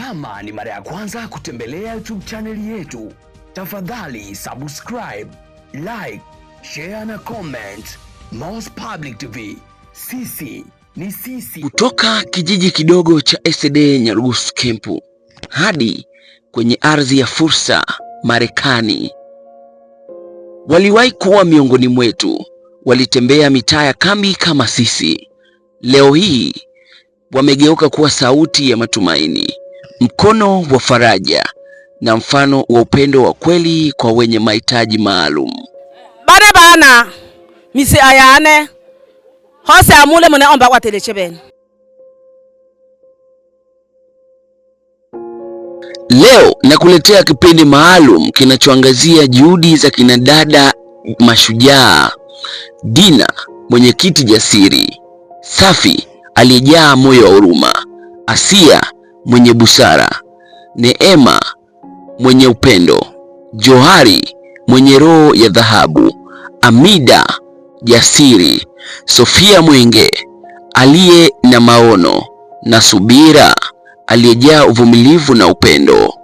Kama ni mara ya kwanza kutembelea YouTube channel yetu, tafadhali subscribe, like, share na comment. Moz Public TV, sisi ni sisi. Kutoka kijiji kidogo cha sd Nyarugusu Kempu hadi kwenye ardhi ya fursa Marekani, waliwahi kuwa miongoni mwetu, walitembea mitaa ya kambi kama sisi. Leo hii wamegeuka kuwa sauti ya matumaini mkono wa faraja na mfano wa upendo wa kweli kwa wenye mahitaji maalum. bare bana misi ayane hose amule mune omba kwateleshe bene. Leo nakuletea kipindi maalum kinachoangazia juhudi za kinadada mashujaa, Dina mwenyekiti jasiri, Safi aliyejaa moyo wa huruma, Asia mwenye busara, Neema mwenye upendo, Johari mwenye roho ya dhahabu, Amida jasiri, Sofia Mwenge aliye na maono na subira, aliyejaa uvumilivu na upendo.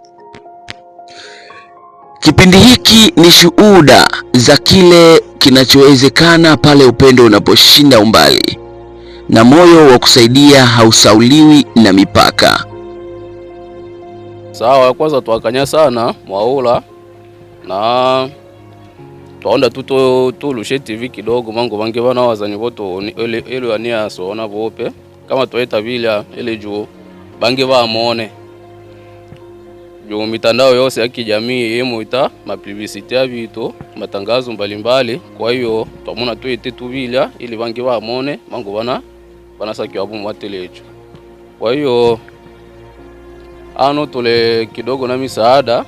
Kipindi hiki ni shuhuda za kile kinachowezekana pale upendo unaposhinda umbali na moyo wa kusaidia hausauliwi na mipaka. Sawa, kwanza twakanya sana mwaula na twaonda tuto tulushe TV kidogo mangu bange bana wazanyi boto elo so soona bope kama tweta bila ile juu bange bamone juu mitandao yose ya kijamii ita mapivisiti ya vitu matangazo mbalimbali. Kwa hiyo twamona twete tubila ili bange bamone mangu bana banasakiwabu mwatelecho kwa hiyo ano tule kidogo na misaada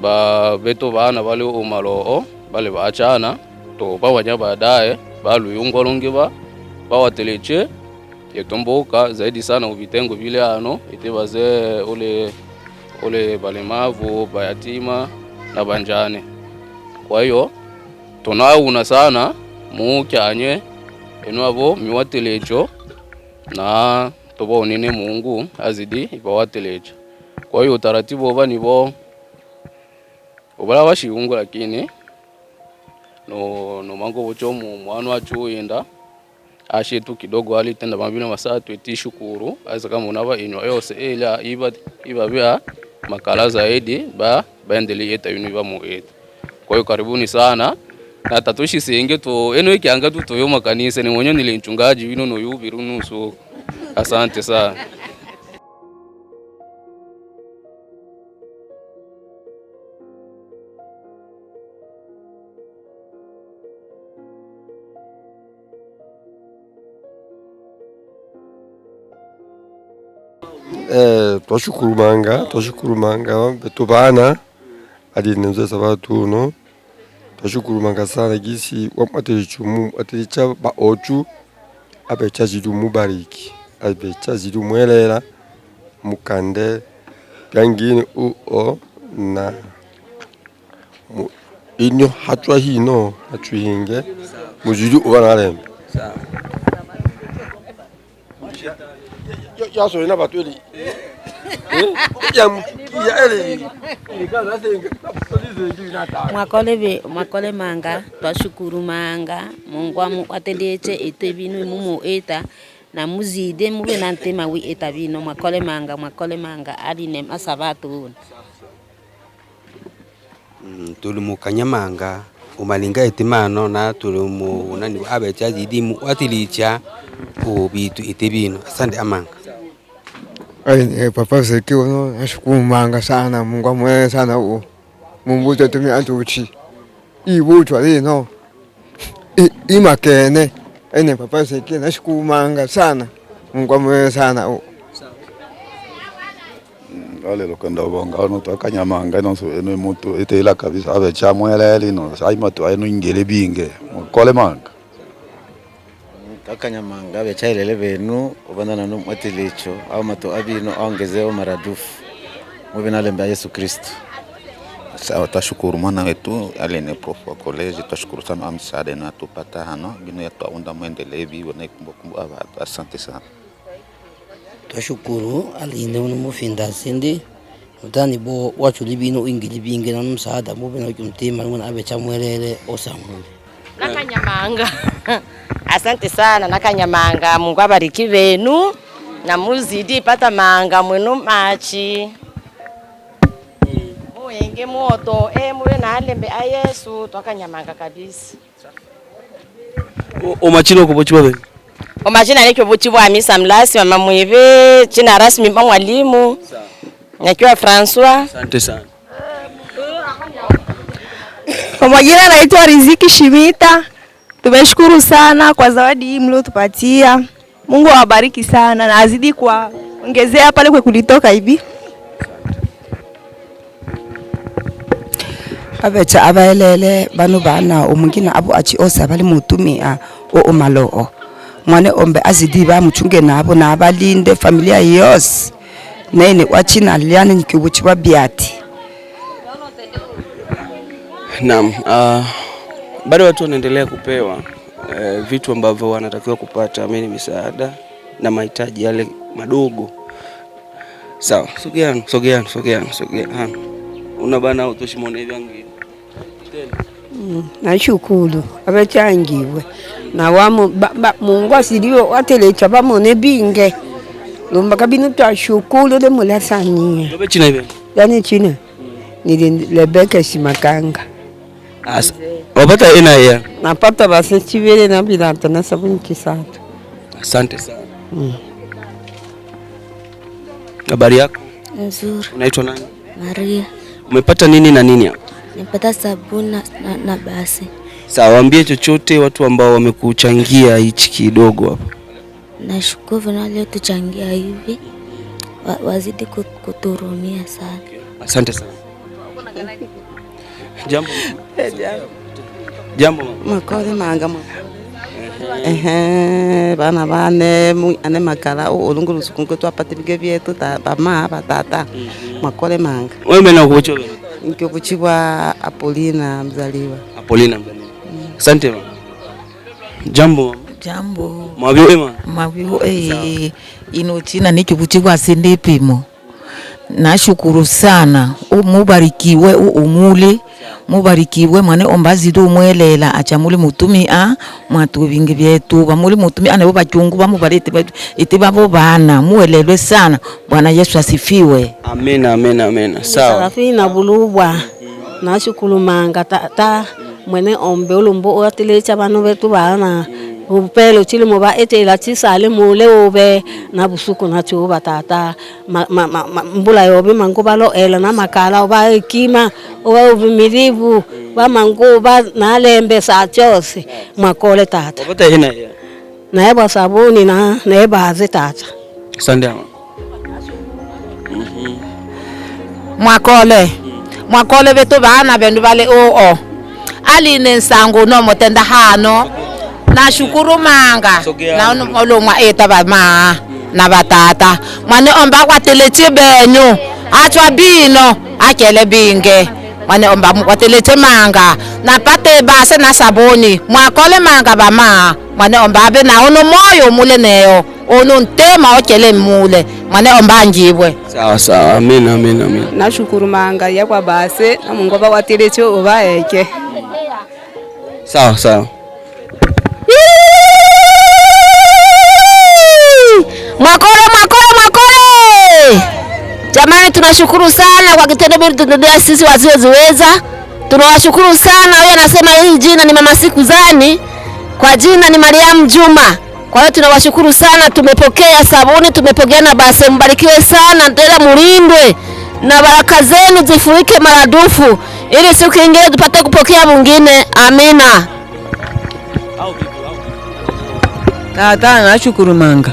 ba beto bana bale umaloo bale baachana to bawanya baadaye baluyungwa longe ba bawateleche yetomboka zaidi sana uvitengo vile ano ite bazee ule ule balemavu bayatima na banjane. Kwa hiyo tunauna sana muukyanye enwavo miwatelecho na tobaonene Mungu azidi ibawatelecha kwa hiyo utaratibu uva nivo uvala washiungu lakini no no mango vochomu mwana ashe tu kidogo ali tenda mabino masaa tweti shukuru aza kama unava inyo yose ila eh, iba iba bia makala zaidi ba baendelee eta yuniva mu eta. Kwa hiyo karibuni sana na tatushi singe tu eno iki anga tu toyo makanisa ni mwenye nilinchungaji wino no yubiru nusu. Asante sana. Eh, twashukurumanga twashukurumanga tubana alinenzesa batu uno twashukurumanga sana gisi wamwatelichumu atelicha baochu abecha zili umubariki abecha zili umwelela mukande byangine o na mu inyo hatwa hino hatuhinge muzili uba nalembe yasoyena batweli eh? mwakole be mwakole manga twashukuru manga mungu atendetse ete binu mumu eta na muzide mube na ntema wi eta bino mwakole manga mwakole manga aline asabatu mm, tuli mukanyamanga umalinga etimano na tuli mu nani abecha zidimu watilicha ubitu ete bino asante amanga Eh, papa zeki uno ashikumanga sana Mungu amwele sana uo Mungu tetumia ntuchi ibuchwa lino imakene ene papa zeki nashikumanga sana Mungu amwele sana uo alelo bonga eno kabisa ave lino ingele binge manga akanyamanga bechailele benu obandana no mwatilicho au mato abino aongezeo maradufu mubina lemba Yesu kristu Sawa, tashukuru mwana wetu aline prof wa koleji tashukuru sana amsaada enatupata hano bino yatwaunda mwendelevi naikumbukumbu abantu. Asante sana, twashukuru aline mufinda sindi mutani bo wachuli bino ingili bingena nomsaada mubina kumtima mwana abecha mwelele osamule lakanyamanga Asante sana nakanyamanga Mungu abariki venu na muzidi pata manga mwenu machi muenge moto e eh, muwe na alembe a Yesu twakanyamanga kabisa omachina kuvochibwa vengi omachina nikyovochibwa amisa mlasi mama mweve china rasmi pa mwalimu nakiwa Francois. Asante sana. Kwa majina naitwa Riziki Shimita Tumeshukuru sana kwa zawadi hii mliotupatia. Mungu awabariki sana na azidi kuwaongezea pale kwa kulitoka hivi avecha abaelele banu bana omungina abo osa bali mutumia ah, o maloo mwane ombe azidi bamuchunge nabo nabalinde familia yose nene wachina liane nyikibuchi babiati Naam, uh bado watu wanaendelea kupewa e, vitu ambavyo wanatakiwa kupata, amini misaada na mahitaji yale madogo. Sawa, sogeano sogeano sogeano sogeano una bana utoshimone ivyangi mm, nashukuru avachangiwe na wamo mungu asiliwe watelecha vamone binge lumba kabino twashukuru lemulasania yani china mm. nili lebeke simakanga Asa. Wapata ina ya? Napata basi chivele na bilata na sabuni kisatu. Asante sana. Mm. Habari yako? Nzuri. Unaitwa nani? Maria. Umepata nini na nini hapa? Nimepata sabuni na, na na basi. Sawa, waambie chochote watu ambao wamekuchangia hichi kidogo hapa. Nashukuru na leo tuchangia hivi. Wa, wazidi kuturumia sana. Asante sana. Jambo. Jambo. Jambo makore manga mwa ehe bana bane ane makala olungu lusukungu twapata bige byetu bama batata makore mhm. manga wewe na kubucho nkikuchibwa Apolina mzaliwa Apolina mzaliwa mm. asante mm. jambo jambo mwabiwe ma mwabiwe eh ino china nikikuchibwa sindipimo nashukuru sana umubarikiwe uumuli mubarikibwe mwane ombazidu umwelela acha muli mutumia mwatubingi byetu ba muli mutumia nabo bachungu bamubalete ite babo bana muelelwe sana Bwana Yesu asifiwe. Amina, amina, amina. Sawa. Sarafina bulubwa nashukulumanga tata mwene ombe ulumbo atile cha banu betu bana bupelo tshile mo ba etela tshisale mo leo obe na busuku na tsho ba tata mbula yo be mangu ba lo ela na makala ba ekima ba uvumilivu ba mango ba na lembe sa tshose makole tata obata hina na eba sabuni na na eba aze tata sande mm-hmm. mwakole mwakole beto bana bendu bale o o ali nensango no motenda hano nashukuru manga naonomolomwa eta vamaha na vatata mwani omba kwateletse benyu atswa bino acele binge mwani omba mukwateletse manga napate base na sabuni mwakole manga vamaha mwani omba ave naono moyo mule neyo ono ntema ocele mule mwane omba njibwe sawa sawa amin amin amin nashukuru manga yakwa base namungova watiletse uvaeke sawa sawa Makole, makole, makole! Jamani, tunashukuru sana kwa kitendo mlitutendea sisi wasioziweza. Tunawashukuru sana. Huyo anasema hii jina ni mama siku zani, kwa jina ni Mariamu Juma. Kwa hiyo tunawashukuru sana, tumepokea sabuni, tumepokea na basi. Mbarikiwe sana, tena mulindwe na baraka zenu zifurike maradufu, ili siku ingine tupate kupokea mwingine. Amina. Tata nashukuru manga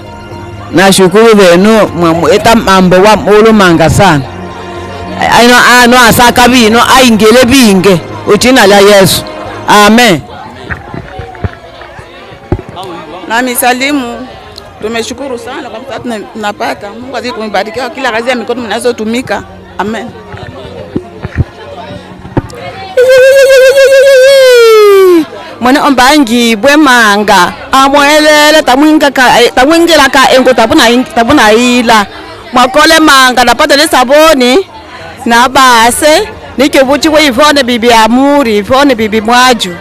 na nashukuru venu mwamweta mambo wa mulu manga sana aino ano asaka vino aingele binge uchina la Yesu amen. Na misalimu tumeshukuru sana kwa mtatu tunapata. Mungu azidi kumubarikia kila kazi ya mikono mnazo mnazotumika amen mwene ombangi bwemanga amwelele tamwingila ka eh, engo tapunayila mwakole manga napata ni saboni na base nikivuciwe ivone bibi amuri ivone bibi mwaju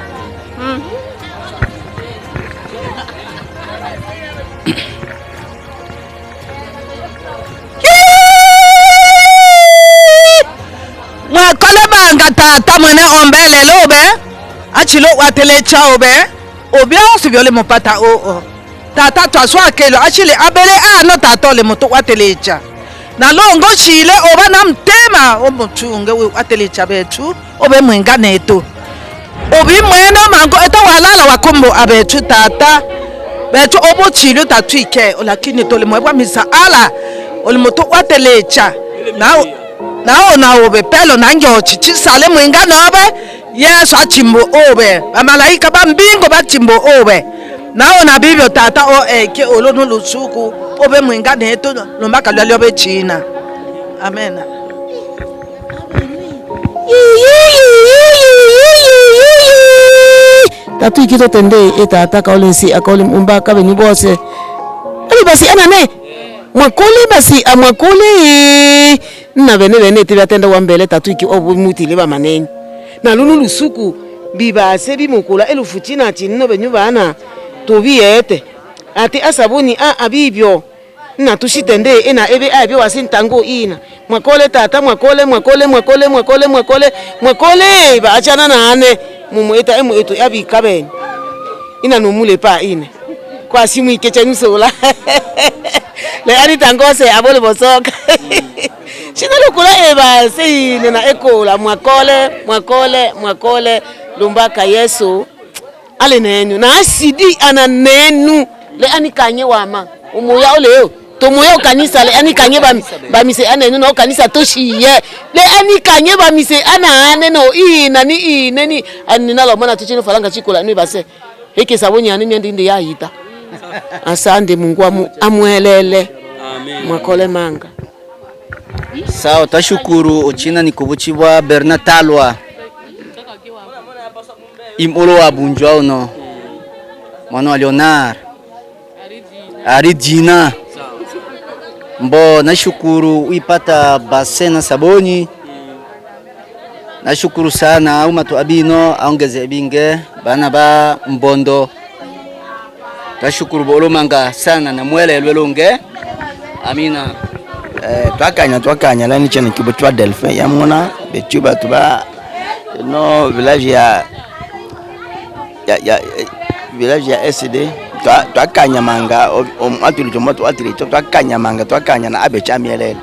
mwakole manga tata mwene ombelele ube achilo watele chao be obia osibio le mopata o o tata twaso akelo achile abele a no tato moto watele cha na longo chile oba na mtema omuchunge we watele cha betu obe mwenga neto obi mwena mango eta walala wakombo abetu tata betu obo chile tatu ike lakini tole mwebwa misa ala olimoto watele cha nao nao na obe pelo nange ochichi sale mwenga nobe yesu achimbo owe bamalaika ba mbingo bachimbo owe naona bibyo tata oeke olonu lusuku obe mwinga netu lumbaka lwali obe china amen tatu ikito tende e tata kaulensi akauli umba kabeni bose ali basi anane mwakuli basi amwakuli nna bene bene ete biatende wa tatu iki obumutile bamanenyi na lulu lusuku bibase bimukula elufu china chino benyu bana tubiyete ati asabuni a abibyo na tushitende ena ebe abyo wasintango ina mwakole tata mwakole mwakole mwakole mwakole mwakole mwakole baachana nane mumweta emwetu yabikabene ina numule pa ine kwa simu ikecha le ari tangose abole bosoka shinalukula ebasi nena ekola mwakole mwakole mwakole lumbaka yesu ale nenyu naasidi ana nenu le anikanye wama umuya oleo tomuya okanisa le anikanye bamise ba anenu na okanisa toshiye le anikanye bamise anaane no iinani iineni aninalomona tuchino falanga chikula ni base ikisabonyani myendi ndi yayita asande mungu amwelele mwakole manga sawa tashukuru uchina ni kubuchibwa talwa imolo wa bunjwa uno mwana wa Leonar ari jina mbo nashukuru uipata base na saboni nashukuru sana umatu abino aongeze binge bana ba mbondo tashukuru bolomanga sana na mwele lwelonge amina eh, twakanya twakanya lani chene kibo twa delphin ya mona betu batu ba no village ya ya ya village ya SD twakanya manga atuli chomo atuli cho twakanya manga twakanya na abe chamielele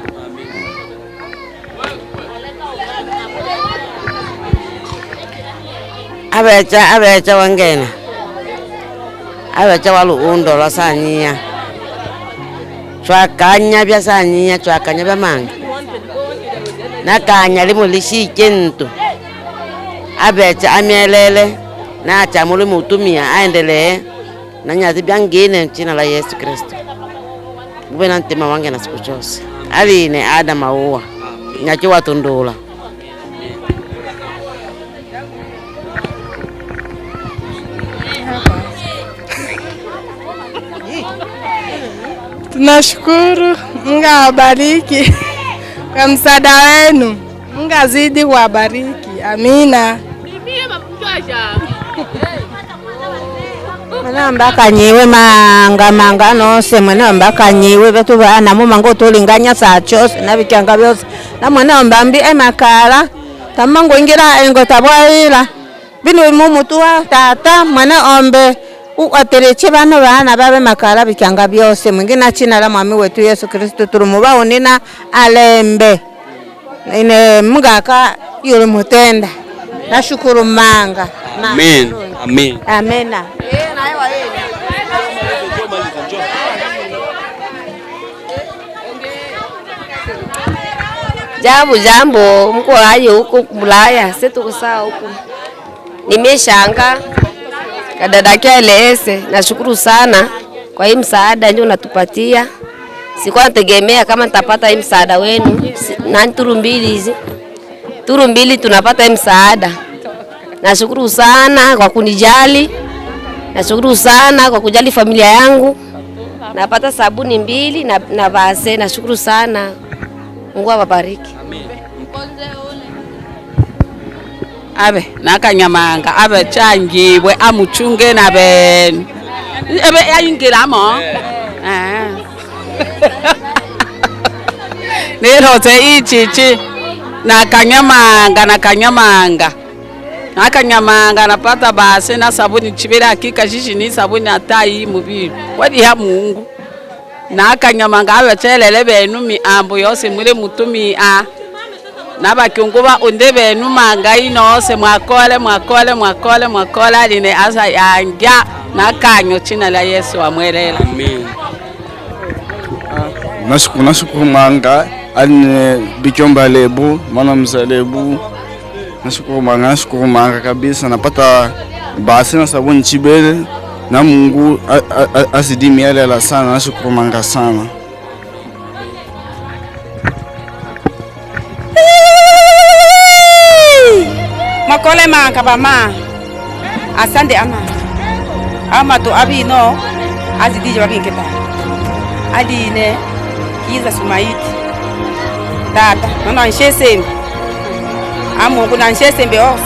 abecha abecha wangena abecha waluundo lwasanyiya chwakanya vya saniya chwakanya bya manga nakanya limulishike ntu abetse amyelele nacha mulimutumia aendelee na nyazi byangine mchina la Yesu Kristo uve na ntima wange na siku chose aline ada mauwa nyacho Tunashukuru, Mungu awabariki kwa msaada wenu, Mungu azidi kuwabariki. Amina. manga mbakanyiwe mangamanga mwana mbaka mbakanyiwe vetu vana mumango tulinganya saa chose na vichanga vyose na mwana mbambi emakala tamango ingira engo tabwaila vinu mumutu wa tata mwene ombe uatereche bano bana babe makara bikanga byose mwingi na china la mwami wetu Yesu Kristo turumubawonina alembe ine mugaka yuli mutenda nashukuru manga Amen. Amen. amen Jambo jambo, mko aje huko Bulaya? Sisi tuko sawa huko, nimeshanga na dadakia nashukuru sana kwa hii msaada ndio unatupatia. Sikuwa nategemea kama nitapata hii msaada wenu na turu mbili hizi turu mbili tunapata hii msaada. Nashukuru sana kwa kunijali, nashukuru sana kwa kujali familia yangu. Napata sabuni mbili na, na base. Nashukuru sana, Mungu awabariki. Amen abe nakanyamanga abe changibwe amuchunge nabene abe ayingilamo eh. nirotse ichichi nakanyamanga nakanyamanga nakanyamanga napata base na sabuni chibele hakika shishi ni sabuni atayi mubili wadiha mungu nakanyamanga abe chelele benu miambo yose mule mutumia ah nabakungu baundi benu mangai nose mwakole mwakole mwakole mwakole aline asa yangya nakanyo china la Yesu wamwelela Amen. Nashukuru nashukuru manga aline bichomba lebu mwana mzalebu nashukuru manga nashukuru manga kabisa napata basi na sabuni chibele na Mungu azidi sana nashukuru manga sana Mema ma asande ama ama to abi no azi di jwa kinketa adi ne kiza sumaiti tata sembe nshesembe kuna na sembe os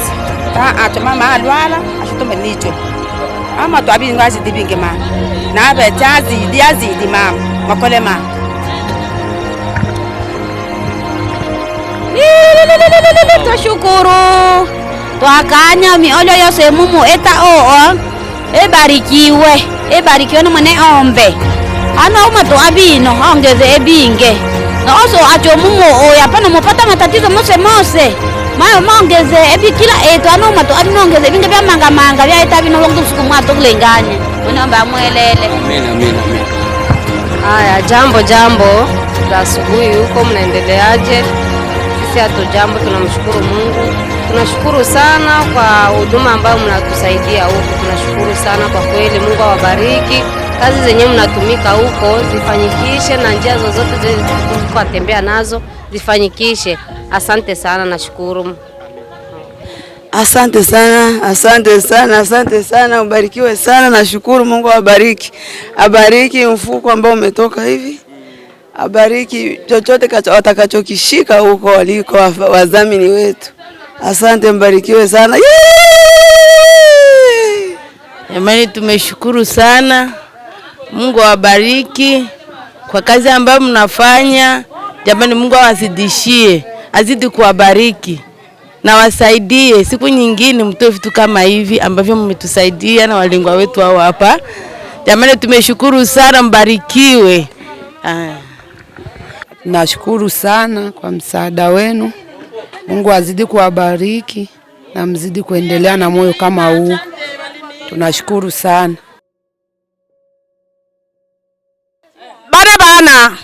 ta ato mama alwala ashutombe menicho ama to abi ngwa azi di binge ma na abe mama di azi di ma makole ma Tashukuru. Tashukuru twakanya olyo yose emumu etaũwa ĩbarikiwe ĩbarikiwe nĩ mwene ombe ano uma twabino aongeze ebinge nooso acho mumu uya pano mupata matatizo mose mose mayo maongeze ebikila etu ano uma twabi nongeze ebinge bya manga bya eta bino longo usiku mwato kulenganye mwene ombe amwelele haya jambo jambo za asubuhi huko mnaendeleaje sisi hatu jambo tunamshukuru mungu Tunashukuru sana kwa huduma ambayo mnatusaidia huko, tunashukuru sana kwa kweli. Mungu awabariki, kazi zenye mnatumika huko zifanyikishe, na njia zozote zilizowatembea nazo zifanyikishe. Asante sana, nashukuru. Asante sana, asante sana, asante sana, ubarikiwe sana. Nashukuru, Mungu awabariki, abariki mfuko ambao umetoka hivi abariki chochote watakachokishika huko waliko wadhamini wetu. Asante, mbarikiwe sana jamani, tumeshukuru sana. Mungu awabariki kwa kazi ambayo mnafanya jamani. Mungu awazidishie, azidi kuwabariki na wasaidie siku nyingine mtoe vitu kama hivi ambavyo mmetusaidia na walingwa wetu hao hapa. Jamani, tumeshukuru sana, mbarikiwe. Nashukuru sana kwa msaada wenu. Mungu azidi kuwabariki na mzidi kuendelea na moyo kama huu. Tunashukuru sana. bana bana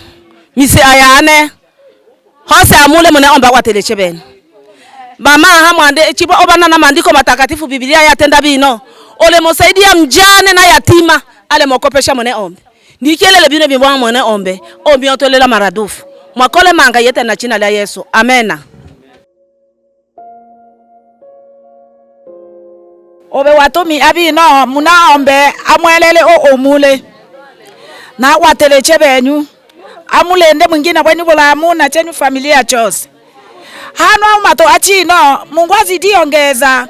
misi ayane hose amule mune omba wateleshe bene mama hamwande chipo obana na maandiko matakatifu Biblia yatenda bino ole olemosaidia mjane na yatima ale mokopesha mune ombe nikielele bino bimwa mune ombe ombi otolela maradufu mwakole manga yete na china la Yesu amena obe watumi abino munaombe amwelele uumule nakwatele chebenyu amulende mwingine bwenyu bulamu na chenyu familia chose hano aumato achino mungu azidiongeza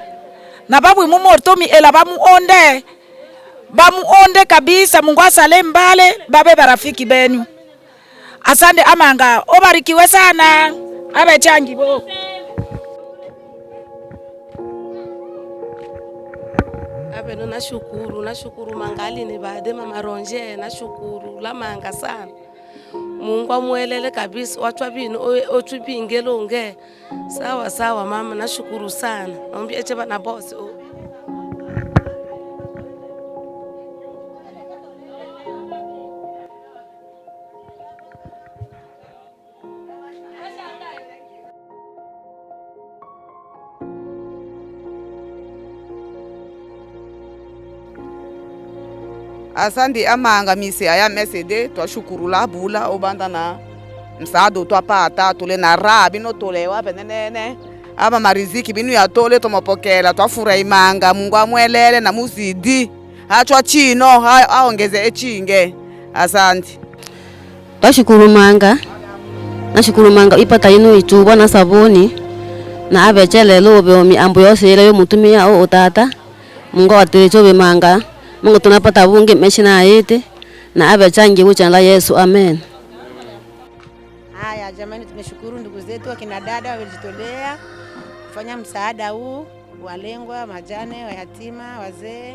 na mu mutumi ela bamuonde onde kabisa mungu asale mbale babe barafiki benyu asante amanga obarikiwe sana changi bo ngaveno nashukuru nashukuru mangalini vade mamaronje nashukuru lamanga sana Mungu amuelele kabisa watwa vino otupinge sawa sawa mama nashukuru sana naombi eche vana bose asandi amahangamiso aya mesede twashukurula abula obanda na msaada twapata tule na raha bino tolewa penenene aba mariziki binu yatole tomopokela twafurahi imanga Mungu amwelele na muzidi achwa chino aongeze echinge asandi twashukuru manga nashukuru manga ipata yinu itubwa na sabuni na abechelele ubiomi ambu yose ile yo mutumia o utata Mungu atilece ube manga Mungu tunapata vungi maisha na aite na ave changi uchanla Yesu, amen. Haya jamani, tumeshukuru ndugu zetu akina dada wamejitolea kufanya msaada huu, walengwa, majane, wayatima, wazee.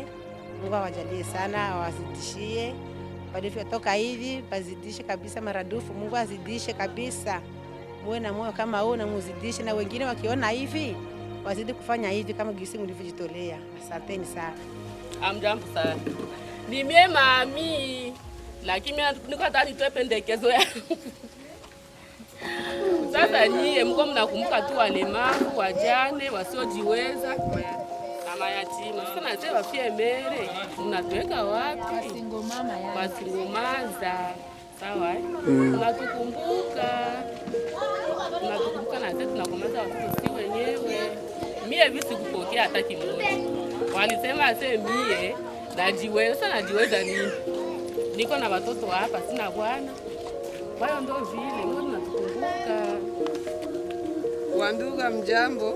Mungu awajalie sana, awazidishie walivyotoka hivi, wazidishe kabisa maradufu. Mungu azidishe kabisa, muwe na moyo kama huu na muzidishe, na wengine wakiona hivi wazidi kufanya hivi kama gisi mlivyojitolea. Asanteni sana. Amjambo sana. Nimie mami, lakini niko hata nitoe pendekezo yangu sasa. Nyie mko mnakumbuka tu walemavu, wajane, wasiojiweza na mayatima. Sasa je, wafie mbele mnatuweka wapi? Yaani. Wasingomaza sawa, eh? mm. mnatukumbuka mnatukumbuka, na sisi tunakomaza watoto si wenyewe. Mie visikupokea hata kimoja walisema ase mie najiweza, najiweza nini? Niko na watoto hapa, sina bwana. Kwa hiyo ndo vile Mungu natukumbuka. Wanduga, mjambo.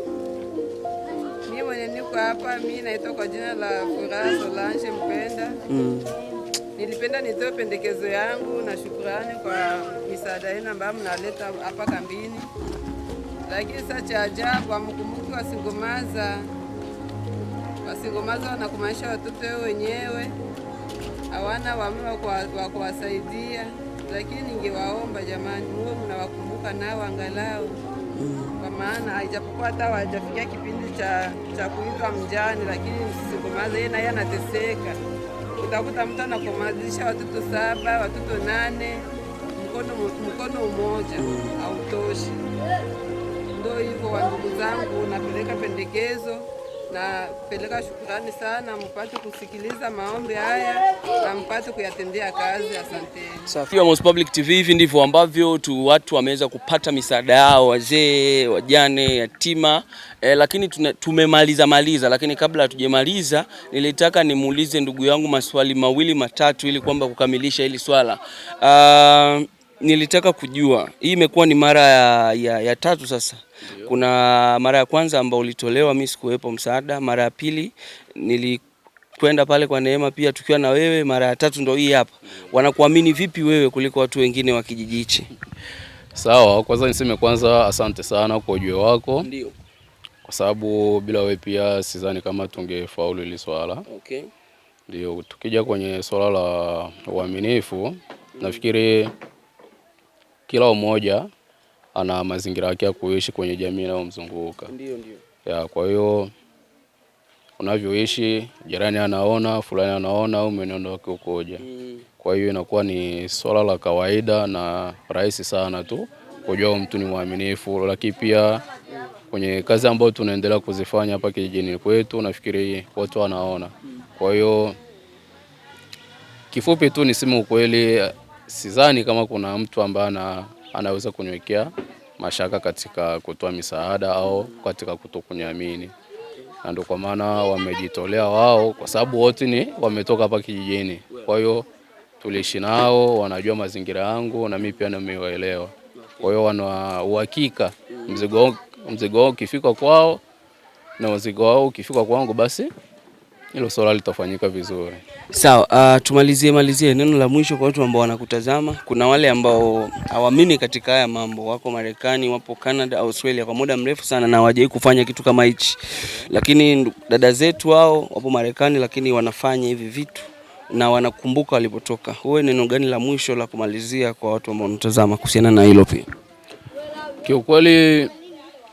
mi mwenye niko hapa, mi naitwa kwa jina la Furaha Solange Mpenda. Mm. Nilipenda nitoe pendekezo yangu na shukurani kwa misaada yenu ambayo mnaleta hapa kambini, lakini sa cha ajabu amkumbuki wasingomaza wasingomaza na kumaisha watoto wenyewe hawana wame wa kuwasaidia, lakini ningewaomba jamani, muwe mnawakumbuka nao angalau mm. kwa maana haijapokuwa hata wajafikia kipindi cha, cha kuitwa mjane, lakini msisingomaze yeye naye anateseka. Utakuta mtu anakomazisha watoto saba watoto nane, mkono mkono mmoja mm. hautoshi. Ndio hivyo, wa zangu, napeleka pendekezo peleka shukurani sana, mpate kusikiliza maombi haya na mpate kuyatendea kazi. Asanteni. Safi. Public TV, hivi ndivyo ambavyo tu watu wameweza kupata misaada yao, wazee, wajane, yatima e, lakini tumemaliza maliza, lakini kabla hatujamaliza nilitaka nimuulize ndugu yangu maswali mawili matatu ili kwamba kukamilisha hili swala uh, nilitaka kujua hii imekuwa ni mara ya, ya, ya tatu sasa kuna mara ya kwanza ambao ulitolewa, mimi sikuwepo msaada. Mara ya pili nilikwenda pale kwa Neema pia tukiwa na wewe. Mara ya tatu ndo hii hapa. Wanakuamini vipi wewe kuliko watu wengine wa kijiji hichi? Sawa, kwanza niseme kwanza asante sana kwa ujio wako. Ndio. Kwa sababu bila wewe pia sidhani kama tungefaulu hili swala. Okay. Ndio, tukija kwenye swala la uaminifu, mm. Nafikiri kila mmoja ana mazingira yake ya kuishi kwenye jamii inayomzunguka. Ndio, ndio. Ya, kwa hiyo unavyoishi jirani anaona, fulani anaona au mwenendo wake ukoje. Mm. Kwa hiyo inakuwa ni swala la kawaida na rahisi sana tu kujua mtu ni mwaminifu, lakini pia kwenye kazi ambayo tunaendelea kuzifanya hapa kijijini kwetu, nafikiri watu wanaona. Kwa hiyo kifupi tu niseme ukweli, eh, sidhani kama kuna mtu ambaye ana anaweza kuniwekea mashaka katika kutoa misaada au katika kutokuniamini, na ndio kwa maana wamejitolea wao, kwa sababu wote ni wametoka hapa kijijini. Kwa hiyo tuliishi nao, wanajua mazingira yangu na mimi pia nimewaelewa. Kwa hiyo wana uhakika mzigo wao ukifika kwao na mzigo wao ukifika kwangu basi hilo swala litafanyika vizuri. Sawa, uh, tumalizie malizie neno la mwisho kwa watu ambao wanakutazama. Kuna wale ambao hawaamini katika haya mambo, wako Marekani, wapo Canada, Australia kwa muda mrefu sana na hawajai kufanya kitu kama hichi, lakini dada zetu wao wapo Marekani, lakini wanafanya hivi vitu na wanakumbuka walipotoka. Wewe neno gani la mwisho la kumalizia kwa watu ambao wanatazama kuhusiana na hilo pia? Kiukweli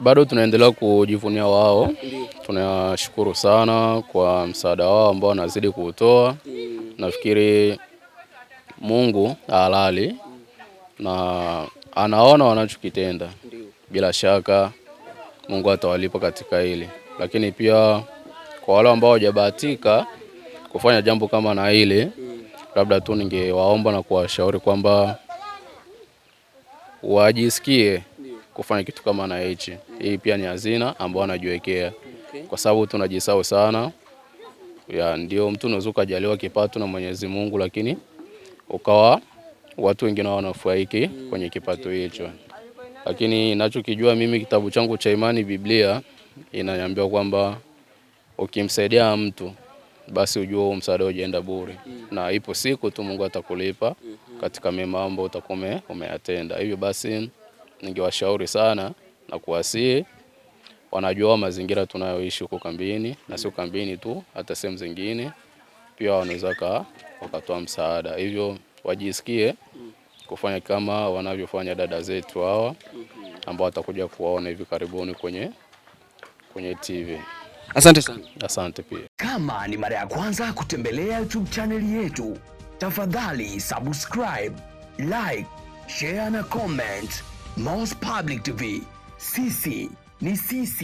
bado tunaendelea kujivunia wao, tunashukuru sana kwa msaada wao ambao wanazidi kuutoa. Nafikiri Mungu halali na anaona wanachokitenda, bila shaka Mungu atawalipa katika hili, lakini pia kwa wale ambao hawajabahatika kufanya jambo kama na hili, labda tu ningewaomba na kuwashauri kwamba wajisikie kufanya kitu kama na hichi. Hii pia ni hazina ambayo anajiwekea kwa sababu tunajisahau sana ya, ndio mtu unaweza ukajaliwa kipato na Mwenyezi Mungu, lakini ukawa watu wengine wanafurahiki kwenye kipato hicho. Lakini ninachokijua mimi, kitabu changu cha imani, Biblia inaniambia kwamba ukimsaidia mtu basi ujue huo msaada ujaenda bure, mm. na ipo siku tu Mungu atakulipa mm -hmm. katika mema ambayo utakuwa umeyatenda. Hivyo basi ningewashauri sana na kuwasihi wanajua mazingira tunayoishi huko kambini, na sio kambini tu, hata sehemu zingine pia wanaweza wakatoa msaada, hivyo wajisikie kufanya kama wanavyofanya dada zetu hawa ambao watakuja kuwaona hivi karibuni kwenye, kwenye TV. Asante sana. Asante pia. Kama ni mara ya kwanza kutembelea YouTube channel yetu, tafadhali subscribe, like, share na comment. most public to be. CC ni CC.